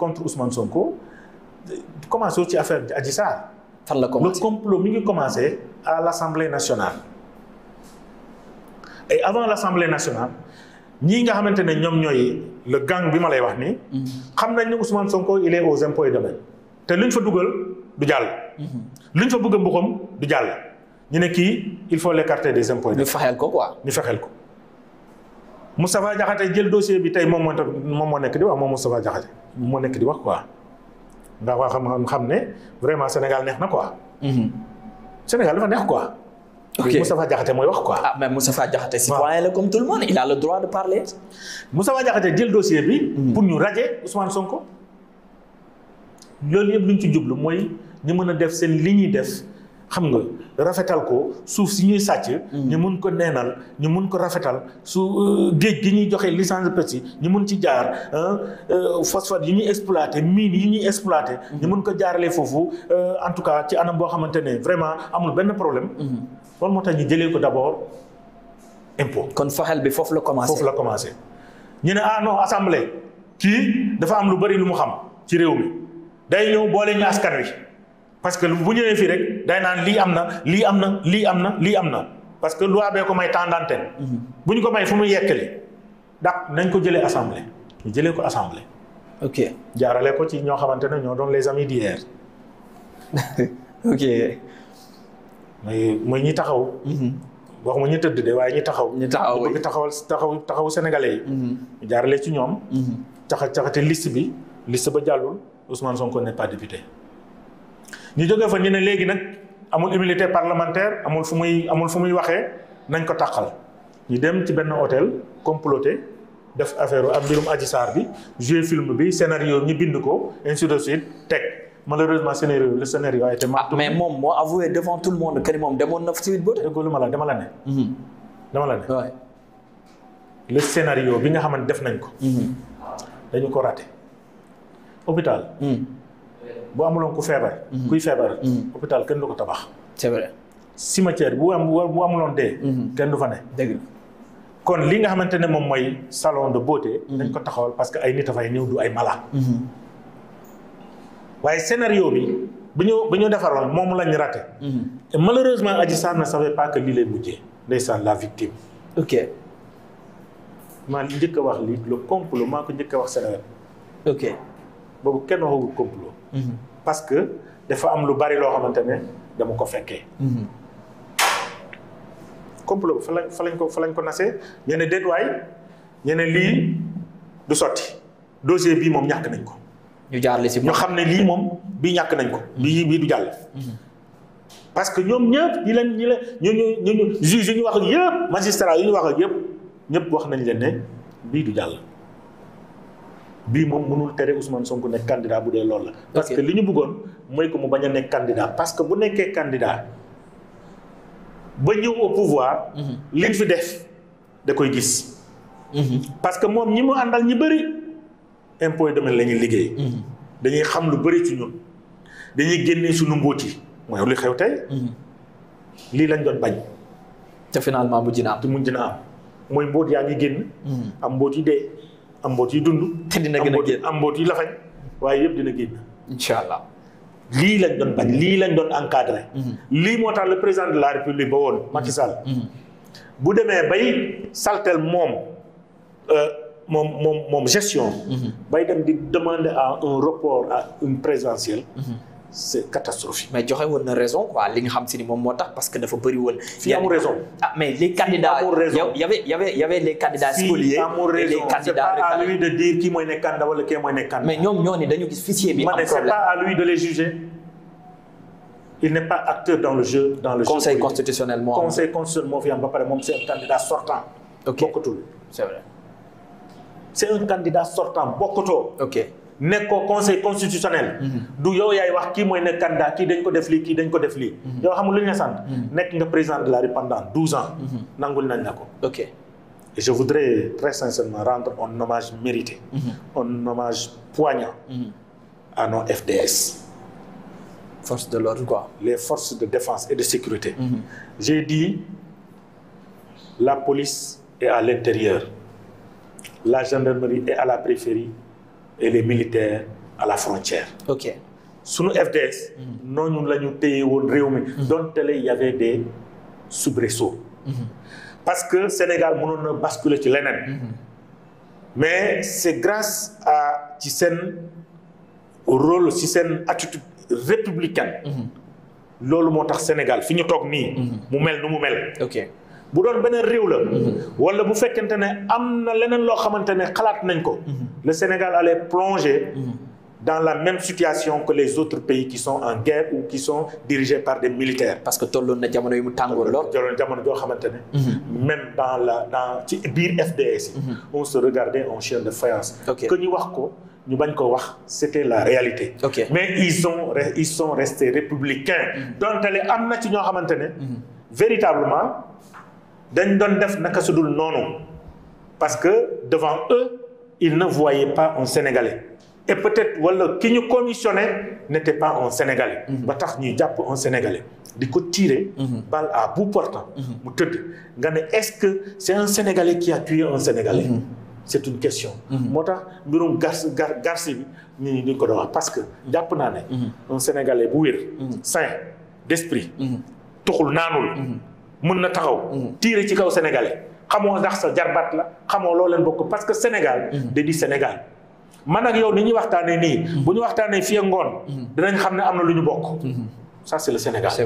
contre Ousmane Sonko commencé ci affaire Adji Sarr. fan la commencé le complot mi ngi commencé à l' assemblée nationale. et avant l' assemblée nationale ñii nga xamante ne ñoom ñooy le gang bi ma lay wax nii. Mhm. xam nañ ne Ousmane Sonko il est aux impôts et domaines te luñ fa dugal du jàll. Mhm. luñ fa bëgg a du jàll. ñu ne kii il faut l' écarter des impôts. ñu fexeel ko quoi ñu fexeel ko. Moustapha Diakhaté jël dossier bi tey moom moo tax moom moo nekk di wax moom Moustapha Diakhaté moo nekk di wax quoi nga wax xam xam ne vraiment Sénégal neex na quoi. Mhm. Sénégal dafa neex quoi. ok Moustapha Diakhaté mooy wax quoi. ah mais Moustapha Diakhaté citoyen la comme tout le monde il a le droit de parler. Moustapha Diakhaté jël dossier bi. Mhm. pour ñu raje Ousmane Sonko. loolu yëpp luñ ci jublu mooy ñu mën a def seen li ñuy def. xam nga rafetal ko suuf si ñuy sàcc. Mm. ñu mun ko neenal ñu mun ko rafetal su euh, géej gi ñuy joxe licence de pêche ñu mun ci jaar euh, phosphate yi ñuy exploité mine yi ñuy exploité. ñu mun ko jaaralee foofu euh, en tout cas ci anam boo xamante ne vraiment amul benn problème. Mm-hmm. loolu moo tax ñu jëlee ko d'abord impôt. kon faxel bi foofu la commencé foofu la commencé. ñu ne ah non assemblée kii dafa am lu bari lu mu xam ci réew mi day ñëw boole ñu askan wi. parce que bu ñëwee fii rek day naan lii am na lii am na lii am na lii am na parce que loi bee ko may temps d'antenne mhm. bu ñu ko may fu muy yekkali ndax nañ ko jëlee assemblée ñu jëlee ko assemblée. ok jaarale ko ci ñoo xamante ne ñoo doon les amis d'hier. ok. mooy mooy ñi taxaw. Mhm. wax ma ñu tëdd waaye ñi taxaw. ñi taxaw bëgg taxawal taxaw taxawu sénégalais mhm. jaarale ci ñoom. caxa caxate list bi liste ba jàllul Ousmane Sonko n'est pas député. ñu jógee fa ñu ne léegi nag amul immunité parlementaire amul fu muy amul fu muy waxee nañ ko tàqal ñu dem ci benn hôtel comploté def affaire am mbirum Adji Sarr bi joué film bi scénario ñu bind ko ainsi de suite teg malheureusement scénario le scénario a été ah, marqué. mais moom moo avoué devant tout le monde que moom demoon na ci ba. déggoo lu ma la dama la ne. Mhm. dama la ne. waay le bi nga xamante def nañ ko. Mhm. dañu ko raté hôpital. Mhm. bu amuloon ku feebar. Mhm. kuy feebar. Mhm. hôpital kenn du ko tabax. c'est vrai. cimetière bu am bu amuloon dee. Mhm. kenn du fa ne. dëgg kon li nga xamante ne moom mooy salon de beauté. dañ ko taxawal parce que ay nit a fay ñëw du ay mala. waaye scénario bi bu ñu bi ñu defaroon moom lañ raté. et malheureusement Adji Sarr ne savait pas que lii lay mujjee ndeysaan la victime. ok. maa njëkk wax lii le complot ko njëkk a wax Sénégal. boobu kenn waxagul complot mhm. parce que dafa am lu bari loo xamante ne dama ko fekkee mhm. complot fa lañ fa lañ ko fa lañ ko nase ñu ne déet lii du sotti dossier bii moom ñàkk nañ ko ñu jaarale si ñu xam ne lii moom bii ñàkk nañ ko mhm. bii bii du jàll parce que ñoom ñëpp ñi leen ñi leen ñu ñu ñu juge ñu wax ak yëpp magistrat yi ñu wax ak yëpp ñëpp wax nañ leen ne bii du jàll bii moom mënul tere Ousmane Sonko ne candidat bu dee lool la. parce que li ñu buggoon mooy ko mu bañ a nekk candidat parce que bu nekkee candidat ba ñëw au pouvoir. Mhm. li fi def da koy gis. Mhm. parce que moom ñi mu àndal ñi bari impôt yi domaine lañuy liggéey. Mhm. dañuy xam lu bari ci ñun dañuy génnee suñu mbóot yi mooy li xew tey. lii lañ doon bañ. te finalement mujj na am. te mujj na am mooy mbóot yaa ngi génn. am mbóot yi dee. am mboot yi dund. te dina gën a génn am lafañ waaye yëpp dina génn. incha allah lii lañ doon bañ lii lañ doon encadré. Mhm. lii moo tax le président de la république ba woon Macky Sall. Mhm. Mhm. bu demee bay saltel moom euh, moom moom moom gestion. bay dem di demander à un report une présidentielle. c'est catastrophique. mais joxe woon na raison quoi li nga xam si ni moom moo tax parce que dafa bëri woon. fii raison ah mais les candidats y avait y avait y avait c'est pas à lui de dire kii mooy nekk candidat wala mais ñoom ñoo ne dañu gis fichier bi. am problème pas à lui de les juger. il n'est pas acteur dans le jeu. dans le conseil jeu constitutionnel moo conseil constitutionnel moo fi am ba pare moom nekkoo conseil constitutionnel. Mhm. du yow yaay wax kii mooy nekk candidat kii dañ ko def lii kii dañ ko def lii. Mhm. yow xamul lu ñu sant. nekk nga président de la République pendant douze ans. Mhm. nangul nañ la ko. ok et je voudrais très sincèrement rendre un hommage mérité. un hommage poignant. à nos FDS. forces de l'ordre quoi. les forces de défense et de sécurité. j'ai dit la police est à l'intérieur la gendarmerie est à la périphérie. et les militaires à la frontière. ok sunu FDS. Mhm. noonu la ñu téye woon réew mi. Mhm. donte il y avait des mhm. parce que Sénégal mënoon na basculer ci leneen. mais c'est grâce à ci seen rôle ci seen attitude républicaine. loolu moo tax Sénégal fi ñu toog nii. mu mel nu mu mel. bu doon beneen réew la. wala bu fekkente ne am na leneen loo xamante ne xalaat nañ ko. le Sénégal allait plonger. dans la même situation que les autres pays qui sont en guerre ou qui sont dirigés par des militaires. parce que tolloon na jamono yu mu tàngoor lool. jamono joo xamante ne. Mhm. même dans la dans ci biir FDS. Mhm. on se regardait en chien de faïence. que ñu wax ko ñu bañ ko wax c'était la réalité. Okay. mais ils sont ils sont restés républicains. Mhm. donc tale am na ci ñoo xamante ne. véritablement. dañ doon def naka su dul noonu parce que devant eux ils ne voyaient pas un Sénégalais et peut-être wala ki ñu commissionné n'était pas un Sénégalais. Mhm. ba tax ñuy jàpp un Sénégalais. di ko tirer. Mhm. balle à bout portant. Mhm. mu tëdd nga ne est-ce que c'est un Sénégalais qui a tué un Sénégalais. c'est une question. moo tax mbirum garci gar garci bi ñu ñu ko doon parce que jàpp naa ne. un Sénégalais bu wér. sain d'esprit. tuxul naanul. mën na taxaw. Mm-hmm. tiire ci kaw sénégalais xamoo ndax sa jarbaat la xamoo loo leen bokk parce que Sénégal. Mm-hmm. da Sénégal. man ak yow ni ñuy waxtaanee nii. Mm-hmm. bu ñu waxtaanee fii ngoon. danañ xam ne am na lu ñu bokk. ça c'est le Sénégal c'est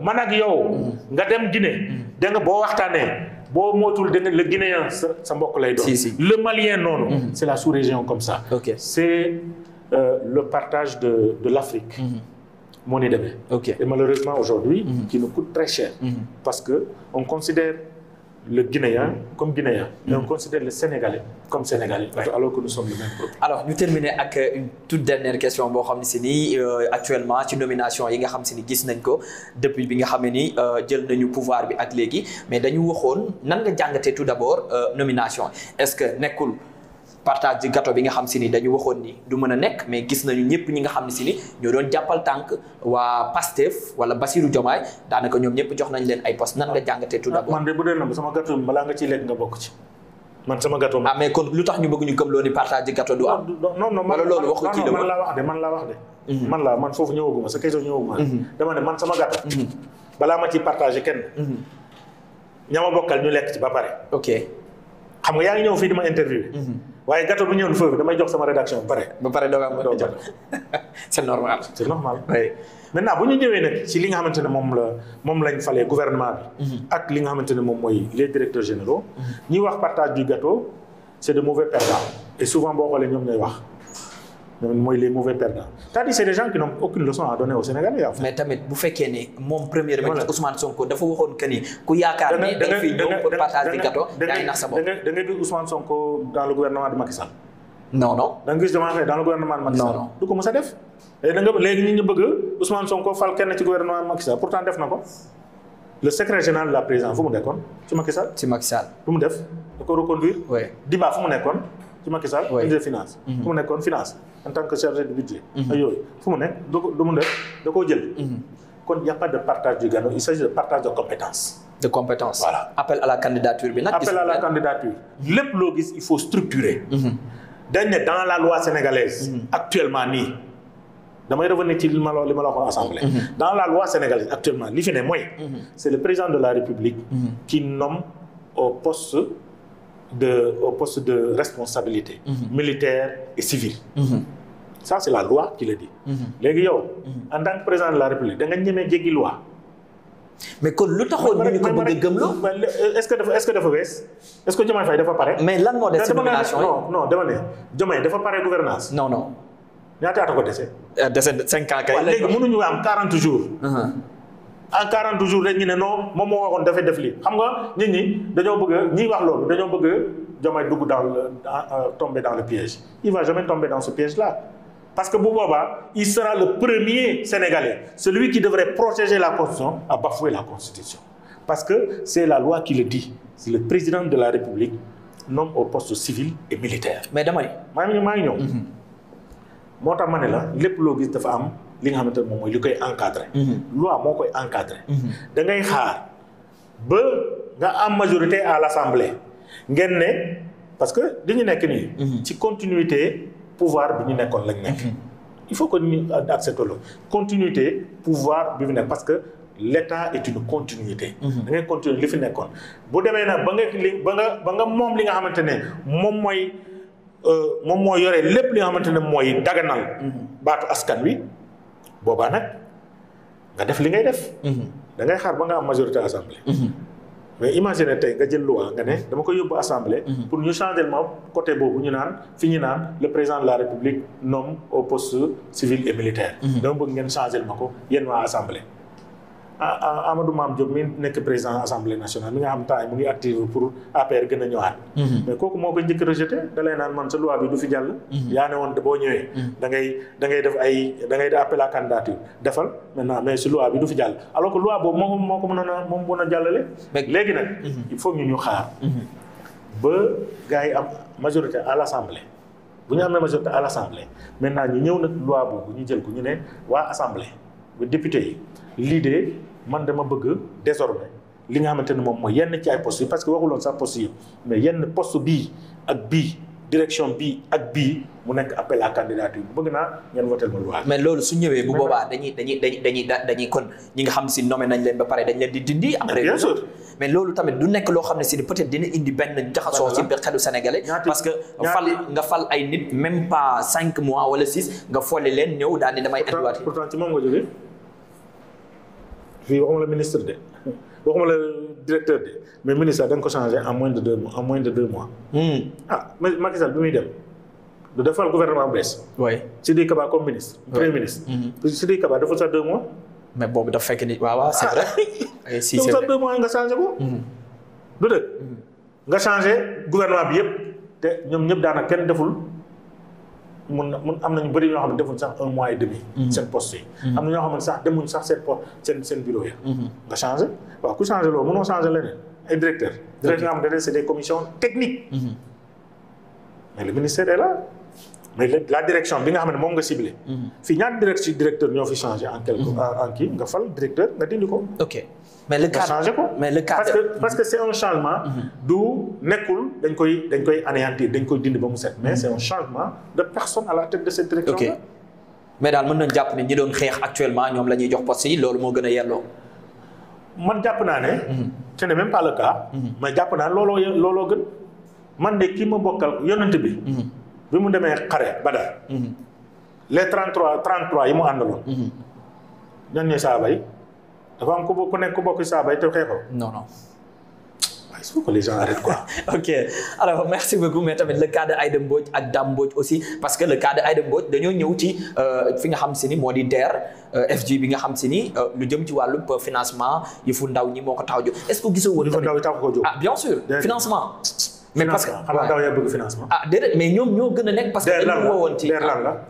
man ak yow. nga dem Guinée. da nga boo waxtaanee. boo mootul da nga le Guinéen sa sa mbokk lay doon. si si le Malien noonu. c'est la sous-région comme ça. c'est euh, le partage de de l'Afrique. moo ni demee. ok et malheureusement aujourd'hui mhm. qui nous coûte très cher. Mhm. parce que on considère le Guinéen comme Guinéen. mais on mhm. considère le Sénégalais comme Sénégalais. alors que nous sommes le même peuple. alors ñu terminer ak une toute dernière question boo xam ne si nii euh, actuellement ci nomination yi nga xam si ni gis nañ ko depuis bi nga xam ne ni euh, jël nañu pouvoir bi ak léegi mais dañu waxoon nan nga jàngatee tout d'abord euh, nomination est-ce que nekkul. partage di gâteau bi nga xam si ni dañu waxoon nii du mën a nekk mais gis nañu ñëpp ñi nga xam ne si ni ñoo doon jàppal tànk waa Pastef wala Bassirou Diomaye daanaka ñoom ñëpp jox nañ leen ay poste nan nga jàngatee tout d'abord ah, man de bu dee na sama ah, lu tax ñu bëgg ñu gëm loo ni partage di gâteau du am non non wala loolu laa wax de man laa mhm. man laa man foofu ñëwaguma sa question ñëwaguma mhm. dama ne man sama gâteau mhm. balaa ma ciy partager kenn ñama bokkal ñu lekk ci ba pare ok xam nga yaa ngi ñëw fii di ma interview waaye gâteau bu ñëw na foofu damay jox sama rédaction ba pare. ba pare doo am doo jox c' est normal. c' normal oui. maintenant bu ñu ñëwee nag si li nga xamante ne moom la moom lañ falee gouvernement bi. Mhm. ak li nga xamante ne moom mooy les directeurs généraux. Mhm. ñi wax partage du gâteau c' est de mauvais perdants et souvent boo xoolee ñoom ñooy wax. mooy les mauvais perdants c'est-à-dire c'est des gens qui n'ont aucune leçon à mais tamit bu fekkee ne moom premier ministre Ousmane Sonko dafa waxoon que ku yaakaar ni da fi ñëw pour partager gâteau yaa nga nga gis Ousmane Sonko dans le gouvernement dans le gouvernement de Macky Sall. non non du a def. léegi da bëgg Ousmane Sonko fal ci gouvernement de Macky pourtant def na ko le secrétaire général la présidence fu mu nekkoon ci Macky Sall. ci Macky Sall fu mu ci Macky Sall. ministre des finances. Mhm. fu mu nekkoon finance en tant que chargé de budget. Mhm. ak mu nekk du ko du mu def da koo jël. Mhm. kon y' pas de partage du gâteau il s'agit de partage de compétences. de compétences appel à la candidature bi nag. appel à la candidature lépp loo gis il faut structurer. dañ ne dans la loi sénégalaise. actuellement nii. damay revenir ci li ma la li ma la waxoon assemblée. dans la loi sénégalaise actuellement li fi ne mooy. c' est le président de la république. qui de au poste de responsabilité. Mhm. militaire et civile. Mhm. ça c'est la loi qui le dit. Mhm. léegi yow. en tan que président de la république da nga ñemee jéggi loi. mais kon lu taxoon ñu ko bëgg a gëmloo. Euh, est-ce que dafa est dafa wees est-ce que Diomaye Faye dafa pare. mais lan moo des nomination yi non non dama ne Diomaye dafa pare gouvernance non non. ñaata at ko dese. Euh, dese cinq ans kay. léegi mënuñu am 40 jours. Uh-huh. en quarante jour rek ñu ne non moom moo waxoon dafay def lii xam nga nit ñi dañoo bëgg a wax loolu dañoo bëgg a Diomaye dugg dans le euh, tomber dans le piège il va jamais tomber dans la piège là parce que bu boobaa il sera le premier Sénégalais celui qui devrait protéger la constitution à bafouer la constitution parce que c'est la loi qui le dit le président de la République nomme au poste civil et militaire mais dama ne maa ngi maa ngi mm-hmm. moo tax ma ne la lépp loo gis dafa am li nga xamante ne moom mooy li koy encadré. Mhm. loi moo koy encadré. Mhm. da ngay xaar ba nga am majorité à la assemblée ngeen ne parce que li ñu nekk nii. Mhm. ci continuité pouvoir bi ñu nekkoon lañ nekk. il faut que ñu pouvoir bi mu nekk parce que. l' état est une continuité. da ngay continuer li fi nekkoon. bu demee nag ba nga ba ba moom li nga xamante ne moom mooy euh, moom moo yore lépp li nga xamante ne mooy daganal. baatu askan wi. boobaa nag nga def li ngay def. Mhm. da ngay xaar ba nga am majorité assemblée. Mhm. mais imagine tey nga jël loi nga ne dama koy yóbbu assemblée. Mhm. pour ñu changer ma côté boobu ñu naan fi ñu naan le président de la république nomme au poste civil et militaire. dama bëgg ngeen changer ma ko yéen waa assemblée. Amadou Mame Diop mi nekk président assemblée nationale mi nga xam temps mu ngi active pour APR gën a ñëwaat. Mhm. mais moo ko njëkk a rejeté da lay naan man sa loi bi mhm. mhm. da ngay da ngay def ay da ngay def appel à candidature mais si loi bi du fi jàll alors que loi boobu moo ko moo ko mënoon a moom mën a jàllale. léegi nag. il faut ñu ñu xaar. ba gars yi am majorité à l' assemblée. bu ñu amee majorité à l' assemblée maintenant ñu ñëw nag loi boobu ñu jël ko ñu ne waa assemblée ba député yi. lii de man dama bëgg désormais li nga xamante ne moom mooy yenn ci ay yi parce que waxuloon sax postes yi mais yenn poste bii ak bii direction bi ak bii mu nekk appel à candidature bëgg naa ngeen votel ma loi mais loolu su ñëwee bu boobaa dañuy dañuy dañuy ñi nga xam si nommé nañ leen ba pare dañ leen di dindi après bien loolu tamit du nekk loo xam ne si peut-être dina indi benn jaxasoo si xelu sénégalais parce que fal nga fal ay nit même pas cinq mois wala six nga foole leen ñëw daal ni damay indiwaat fii waxuma ministre de waxuma la directeur de mais ministre da nga ko changé en moins de deux mois de deux mois. Hmm. ah Macky Sall bi muy dem. du defal gouvernement bees. oui Sidiki Kaba comme ministre. premier ministre. Hmm. Sidiki Kaba dafa sax deux mois. mais boobu dafa fekke ni waaw waaw c'est vrai. ay ah, eh, si c'est deux mois nga changé ko. Hmm. du dëgg. nga changé gouvernement bi yëpp te ñoom ñëpp daanaka kenn deful. mun na mun am nañu bëri ñoo xam ne defuñ sax un mois et demi. Mhm. seen poste yi. Mhm. am na ñoo xam ne sax demuñ sax seen poste seen seen bureau ya mhm. nga changé waaw ku changé loolu mënoo changé leneen ay directeur directeur nga xam ne c'est des commissions mais le ministère la direction bi nga xam ne moom nga ciblé. fii ñaata direct ci directeur ñoo fi changé en quelque en kii nga fal directeur nga dindi ko. ok mais le cadre ko. mais le cadre parce que parce que c' est un changement. Mhm. du nekkul dañ koy dañ koy anéantir dañ koy dind ba mu set. mais c' est un changement de personne à la tête de cette direction là. mais daal mën nañ jàpp ne ñi doon xeex actuellement ñoom la ñuy jox poste yi loolu moo gën a yelloo. man jàpp naa ne. Mhm. ce n'est même pas le cas. Mhm. mais jàpp naa looloo looloo gën. man de kii ma bokkal yonent bi. bi mu demee xare Badar. les 33 33 yi mu àndaloon. ñooñu ñooy saaba yi. dafa am ku ku nekk ku bokk ci saaba yi te xeexoo. non non. il faut que ok alors merci beaucoup mais tamit le cas de Aïda Mbodj ak Dame Mbodj aussi parce que le cas ay Aïda Mbodj dañoo ñëw ci euh, fi nga xam si ni moo di DER euh, FG bi nga xam si ni euh, lu jëm ci wàllu financement yëfu ndaw ñi moo ko tax a jóg est-ce que gisoo woon. yëfu ah, bien sûr financement. mais parce que xam nga ndaw yaa bëgg financement. ah déedéet mais ñoom ñoo gën a nekk parce que. DER lan la DER lan la.